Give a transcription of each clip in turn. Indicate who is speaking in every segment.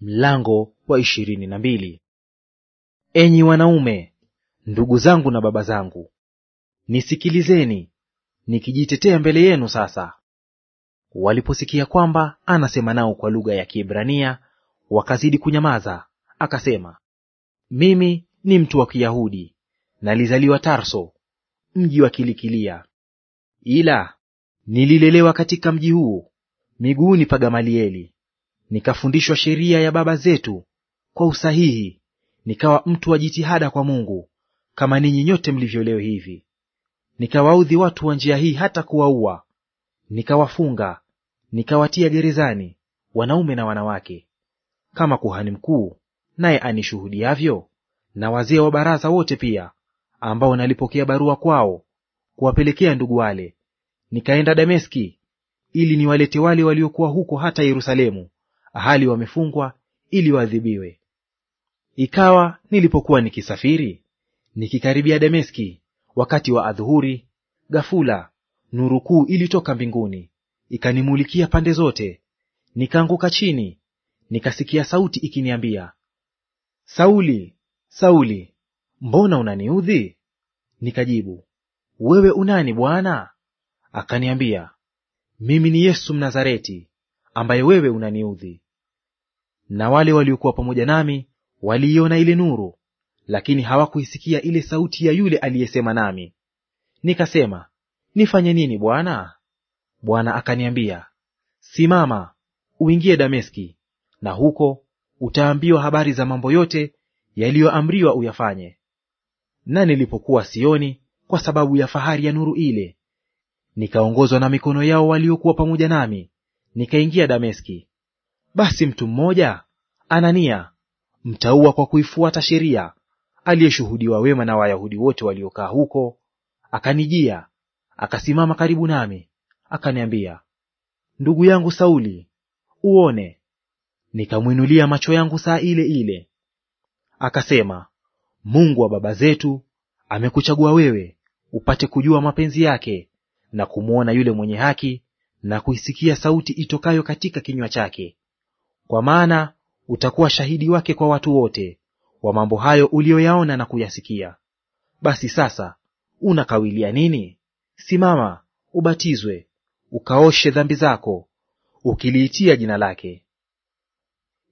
Speaker 1: Mlango wa ishirini na mbili. Enyi wanaume, ndugu zangu na baba zangu, nisikilizeni nikijitetea mbele yenu. Sasa waliposikia kwamba anasema nao kwa lugha ya Kiebrania, wakazidi kunyamaza. Akasema, mimi ni mtu wa Kiyahudi, nalizaliwa Tarso, mji wa Kilikilia, ila nililelewa katika mji huu, miguuni pa Gamalieli Nikafundishwa sheria ya baba zetu kwa usahihi, nikawa mtu wa jitihada kwa Mungu, kama ninyi nyote mlivyo leo hivi. Nikawaudhi watu wa njia hii hata kuwaua, nikawafunga, nikawatia gerezani, wanaume na wanawake. Kama kuhani mkuu naye anishuhudiavyo, na wazee wa baraza wote pia, ambao nalipokea barua kwao kuwapelekea ndugu wale, nikaenda Dameski ili niwalete wale waliokuwa huko hata Yerusalemu, hali wamefungwa ili waadhibiwe. Ikawa nilipokuwa nikisafiri nikikaribia Dameski wakati wa adhuhuri, ghafula nuru kuu ilitoka mbinguni ikanimulikia pande zote, nikaanguka chini, nikasikia sauti ikiniambia, Sauli, Sauli, mbona unaniudhi? Nikajibu, wewe unani Bwana? Akaniambia, mimi ni Yesu Mnazareti ambaye wewe unaniudhi. Na wale waliokuwa pamoja nami waliiona ile nuru, lakini hawakuisikia ile sauti ya yule aliyesema nami. Nikasema, nifanye nini Bwana? Bwana akaniambia, simama uingie Dameski, na huko utaambiwa habari za mambo yote yaliyoamriwa uyafanye. Na nilipokuwa Sioni kwa sababu ya fahari ya nuru ile, nikaongozwa na mikono yao waliokuwa pamoja nami, nikaingia Dameski. Basi mtu mmoja Anania, mtaua kwa kuifuata sheria, aliyeshuhudiwa wema na Wayahudi wote waliokaa huko, akanijia, akasimama karibu nami, akaniambia, ndugu yangu Sauli, uone. Nikamwinulia macho yangu saa ile ile. Akasema, Mungu wa baba zetu amekuchagua wewe upate kujua mapenzi yake na kumwona yule mwenye haki na kuisikia sauti itokayo katika kinywa chake. Kwa maana utakuwa shahidi wake kwa watu wote wa mambo hayo uliyoyaona na kuyasikia. Basi sasa unakawilia nini? Simama, ubatizwe, ukaoshe dhambi zako, ukiliitia jina lake.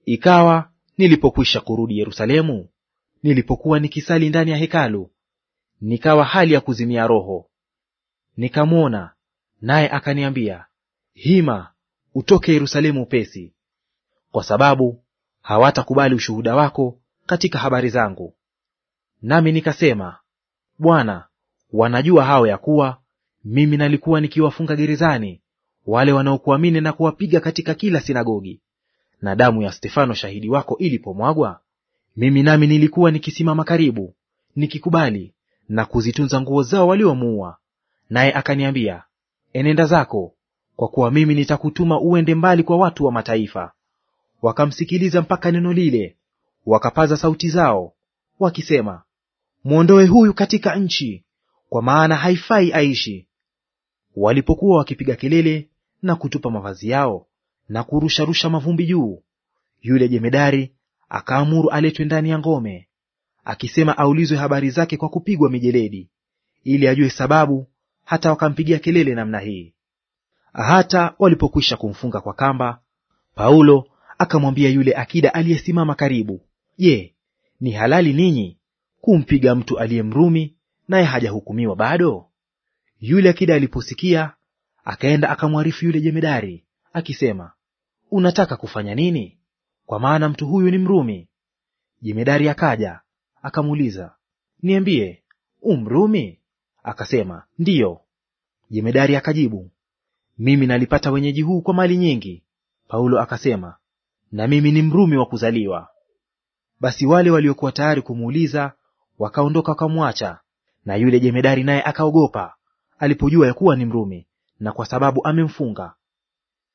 Speaker 1: Ikawa nilipokwisha kurudi Yerusalemu, nilipokuwa nikisali ndani ya hekalu, nikawa hali ya kuzimia roho, nikamwona naye akaniambia, hima, utoke Yerusalemu upesi, kwa sababu hawatakubali ushuhuda wako katika habari zangu. Nami nikasema, Bwana, wanajua hao ya kuwa mimi nalikuwa nikiwafunga gerezani wale wanaokuamini na kuwapiga katika kila sinagogi, na damu ya Stefano shahidi wako ilipomwagwa, mimi nami nilikuwa nikisimama karibu nikikubali na kuzitunza nguo zao waliomuua. Naye akaniambia, enenda zako kwa kuwa mimi nitakutuma uende mbali kwa watu wa mataifa. Wakamsikiliza mpaka neno lile, wakapaza sauti zao wakisema, mwondoe huyu katika nchi, kwa maana haifai aishi. Walipokuwa wakipiga kelele na kutupa mavazi yao na kurusharusha mavumbi juu, yule jemedari akaamuru aletwe ndani ya ngome, akisema aulizwe habari zake kwa kupigwa mijeledi, ili ajue sababu hata wakampigia kelele namna hii. Hata walipokwisha kumfunga kwa kamba, Paulo akamwambia yule akida aliyesimama karibu, Je, ni halali ninyi kumpiga mtu aliye Mrumi naye hajahukumiwa bado? Yule akida aliposikia, akaenda akamwarifu yule jemedari akisema, unataka kufanya nini? Kwa maana mtu huyu ni Mrumi. Jemedari akaja akamuuliza, niambie, u Mrumi? Akasema, ndiyo. Jemedari akajibu, mimi nalipata wenyeji huu kwa mali nyingi. Paulo akasema, na mimi ni Mrumi wa kuzaliwa. Basi wale waliokuwa tayari kumuuliza wakaondoka wakamwacha, na yule jemedari naye akaogopa alipojua ya kuwa ni Mrumi, na kwa sababu amemfunga.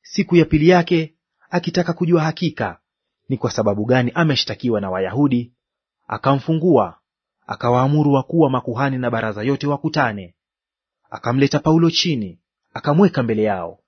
Speaker 1: Siku ya pili yake akitaka kujua hakika ni kwa sababu gani ameshtakiwa na Wayahudi, akamfungua akawaamuru wakuu wa makuhani na baraza yote wakutane. Akamleta Paulo chini akamweka mbele yao.